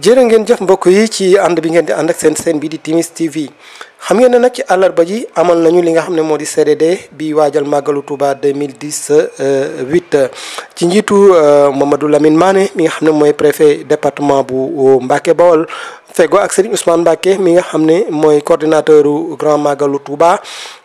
jërë ngeen jëf mbokk yi ci ànd bi ngeen di ànd ak seen seen bi di Timis TV xam ngeen na nag ci àllarba ji amal nañu li nga xam ne moo di CDD bi waajal màggalu Touba 2018 ci njiitu euh, Mamadou lamin maane mi nga xam ne mooy préfet département bu euh, Mbacké Bawol fego ak Serigne Ousmane Mbacké mi nga xam ne mooy coordinateur grand màggalu Touba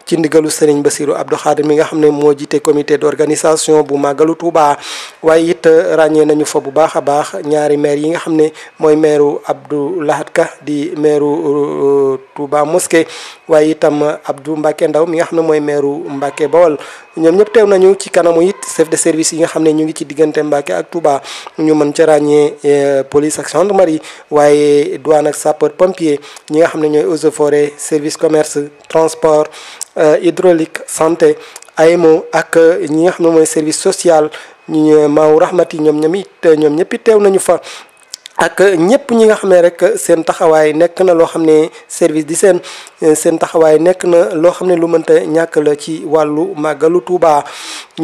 ci ndigalu Serigne Bassirou Abdou Khadir mi nga xam ne moo jiite comité d'organisation bu màggalu Touba waaye it euh, ràññee nañu fa bu baax a baax ñaari maire yi nga xam ne mooy maireu Abdou Lahad Ka di maireu euh, Touba Mosquée waaye itam Abdou Mbacké Ndaw mi nga xam ne mooy maireu Mbacké Bawol ñoom ñëpp teew nañu ci kanamu it chef de service yi nga xam ne ñu ngi ci diggante Mbacké ak Touba ñu mën ca ràññee euh, police ak gendarmerie waaye douane nag sapeur pompier ñi nga xam ne ñooy eaux service commerce transport Euh, hydraulique santé AEMO ak euh, ñi nga xam ne mooy service social ñu euh, maaw rahmat yi ñoom ñoom it ñoom ñëpp teew nañu fa ak ñëpp ñi nga xam ne rek seen taxawaay nekk na loo xam ne service di seen seen taxawaay nekk na loo xam ne lu mënta ñàkk la ci wàllu màggalu Tuuba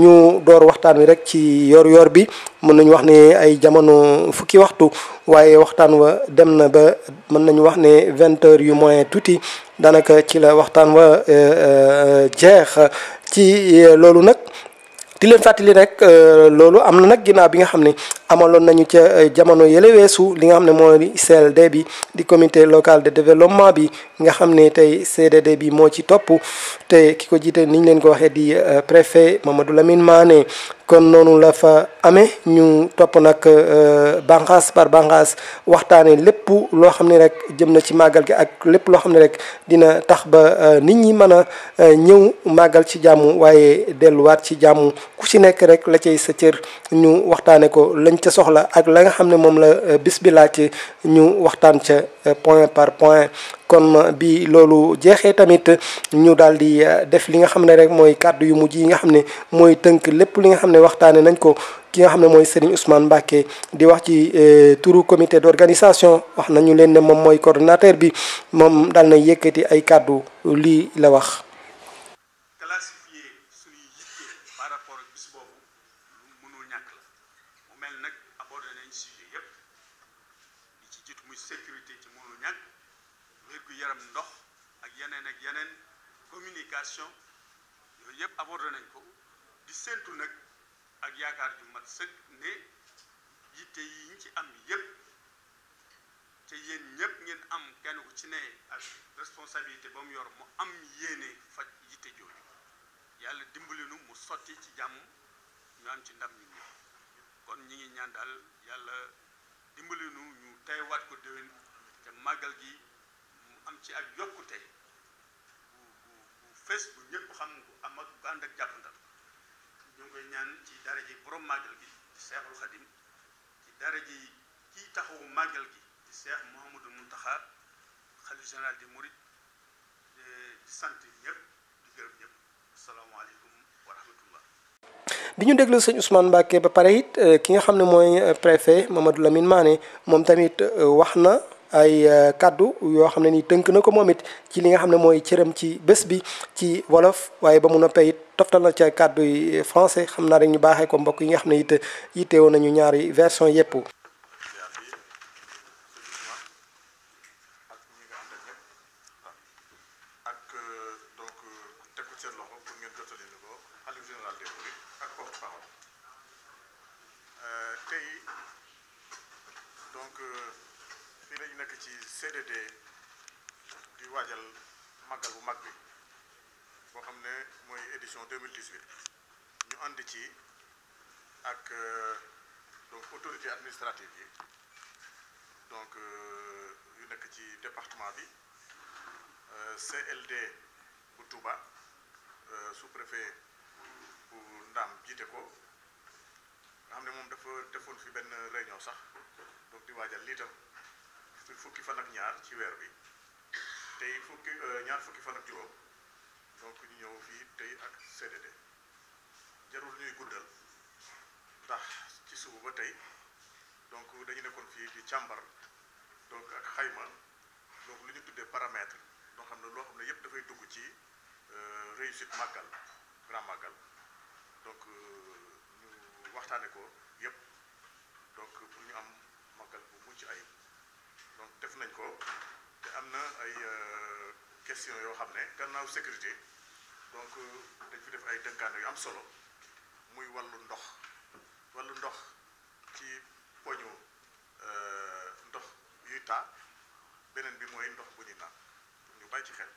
ñu door waxtaan wi rek ci yor-yor bi mën nañu wax ne ay jamono fukki waxtu waaye waxtaan wa dem na ba mën nañu wax ne vingt yu moins tuuti daanaka ci la waxtaan wa euh, euh, jeex ci euh, loolu nag di leen fàttali rek loolu am na nag ginnaaw bi nga xam ne. amaloon nañu ca eh, jamono yële weesu li nga xam ne mooy CLD bi di comité local de développement bi nga xam ne tey CDD bi moo ci topp te ki ko jiite niñ leen ko waxee di eh, préfet Mamadou Lamine maane kon noonu la fa amee ñu topp nag eh, banqaas par banqaas waxtaane lépp loo xam ne rek jëm na ci màggal gi ak lépp loo xam ne rek dina tax ba nit ñi mën a ñëw màggal ci jàmm waaye delluwaat ci jàmm ku ci nekk rek la cay sa cër ñu waxtaane ko lañ ca soxla ak la nga xam ne moom la euh, bis bi laaj ñu waxtaan ca euh, point par point kon euh, bi loolu jeexee tamit ñu daal di def li nga xam ne rek mooy kàddu yu mujj yi nga xam ne mooy tënk lépp li nga xam ne waxtaane nañ ko ki nga xam ne mooy Serigne Ousmane Mbacké di wax ci turu comité d'organisation wax nañu leen ne moom mooy coordonnateur bi moom daal na yëkkati ay kàddu lii la wax yitte yépp li ci jiitu muy sécurité ci mënu ñàkk wér-gu-yaram ndox ak yeneen ak yeneen communication yooyu yépp abordé nañ ko di séentu nag ak yaakaar ju mat sëkk ne yitte yi ñu ci am yépp te yéen ñépp ngeen am kenn ku ci ne ak responsabilité ba mu yor mu am yéene faj yitte jooju yàlla dimbali nu mu sotti ci jàmm ñu am ci ndam ñu kon ñi ngi ñaan daal yàlla dimbali nu ñu taywaat ko déwén te màggal gi mu am ci ak yokkute bu bu bu fees bu ñëpp xam bu am ak bu ànd ak ngi ñaan ci dara ji borom màggal gi di seexul xadim ci dara ji kiy taxawu màggal gi di seex Mouhamadou Mountakha xalif général di Mouride eh, di sant yëpp di gërëm ñëpp asalaamaaleykum wa rahmatullah bi ñu déglu sëñ Ousmane Mbacké ba pare it euh, ki nga xam ne mooy euh, préfet Mamadou Lamine Mané moom tamit euh, wax na ay kaddu yoo xam ne nii tënk na ko moom it ci li nga xam ne mooy cëram ci bés bi ci wolof waaye ba mu noppee it toftal na ca kàddu yi français xam naa rek ñu baaxee ko mbokk yi nga xam ne it yitteewoon nañu ñaari version yëpp. donc il y a nekk ci CDD du waajal màggal bu mag bi boo xam ne mooy édition 2018 ñu ànd ci ak euh, donc autorité administrative donc donc euh, yu nekk ci département bi euh, CLD pour Touba sous-préfet pour Ndam jiite ko nga xam ne moom dafa defoon fi benn réunion sax donc di waajal lii tam fukki fan ak ñaar ci weer bi tey fukki euh, ñaar fukki fan ak juróom donc ñu ñëw fii tey ak CDD jarul ñuy guddal ndax ci suba ba tey donc dañu nekkoon fii di càmbar donc ak xayma donc lu ñu tuddee paramètre loo xam ne loo xam ne yëpp dafay dugg ci euh, réussite màggal grand màggal donc. Euh, waxtaane ko yëpp donc pour ñu am màggal bu ci ay donc def nañ ko te am na ay euh, question yoo xam ne gannaaw sécurité donc dañ fi def ay dënkaane yu am solo muy wàllu ndox wàllu ndox ci poñu euh, ndox yuy taa beneen bi mooy ndox bu ñu naan ñu bàyyi ci xel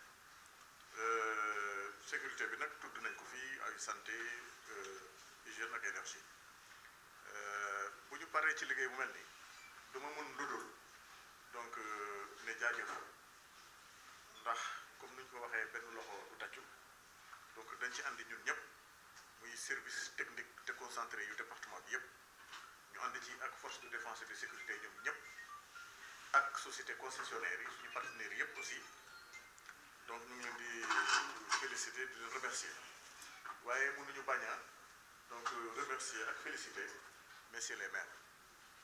euh, sécurité bi nag tudd nañ ko fii ay santé hygiène ak énergie paree ci liggéey bu mel nii du ma mun ludul donc euh, ne jaajëf ndax comme nuñ ko waxee benn loxo du tàccu donc dañ ci andi ñun ñëpp muy service technique concentré yu département bi yëpp ñu andi ci ak force de défense et de sécurité ñoom ñëpp ak société concessionnaire yi suñu partenaire yëpp aussi donc ñu ngi leen di féliciter di leen remercier waaye mënuñu bañ a donc remercier ak féliciter messieurs les maires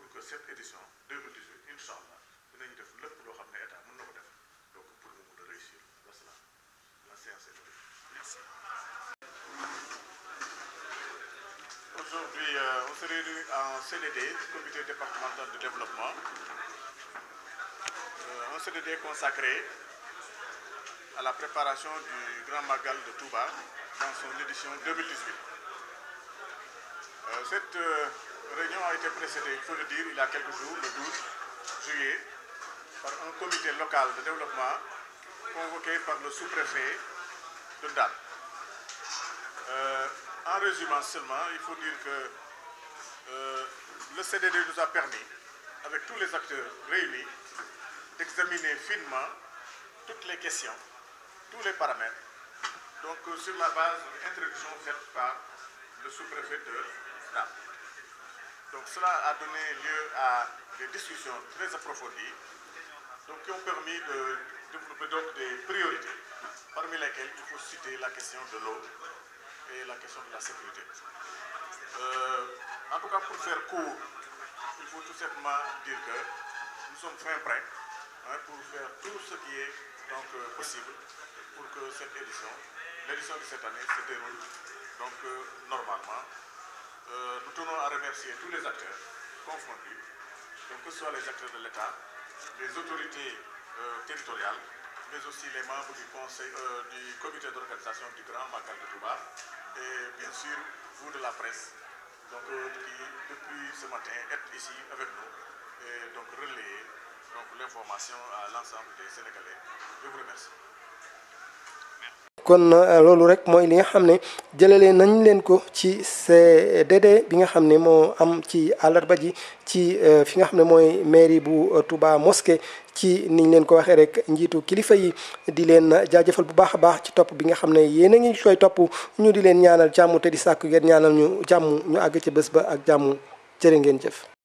pour que cette édition 2018 une nous dinañ def lépp loo xam ne état def donc pour nous, mun a réussir la séance est merci. Aujourd'hui, euh, on se réunit en CDD, comité départemental de développement. Euh, un CDD consacré à la préparation du Grand Magal de Touba dans son édition 2018. Euh, cette la réunion a été précédée, il faut le dire, il y a quelques jours, le 12 juillet, par un comité local de développement convoqué par le sous-préfet de DAL. Euh, en résumant seulement, il faut dire que euh, le CDD nous a permis, avec tous les acteurs réunis, d'examiner finement toutes les questions, tous les paramètres, donc sur la base de l'introduction faite par le sous-préfet de DAL. Donc cela a donné lieu à des discussions très approfondies qui ont permis de développer des priorités, parmi lesquelles il faut citer la question de l'eau et la question de la sécurité. Euh, en tout cas, pour faire court, il faut tout simplement dire que nous sommes très prêts hein, pour faire tout ce qui est euh, possible pour que cette édition, l'édition de cette année se déroule euh, normalement euh, nous tenons à remercier tous les acteurs confondus, que ce soit les acteurs de l'État, les autorités euh, territoriales, mais aussi les membres du, conseil, euh, du comité d'organisation du Grand Macal de Touba et bien sûr vous de la presse qui, depuis ce matin, êtes ici avec nous et donc relayer l'information à l'ensemble des Sénégalais. Je vous remercie. kon euh, loolu rek mooy li nga xam ne jëlalee nañ leen ko ci CDD bi nga xam ne moo am ci àllarba ji ci euh, fi nga xam ne mooy mairie bu euh, Touba Mosquée ci niñ leen ko waxee rek njiitu kilifa yi di leen jaajëfal bu baax a baax ci topp bi nga xam ne yéen a ngi koy topp ñu di leen ñaanal jàmm te di sàkk ngeen ñaanal ñu jàmm ñu àgg ci bës ba ak jàmm jërë ngeen jëf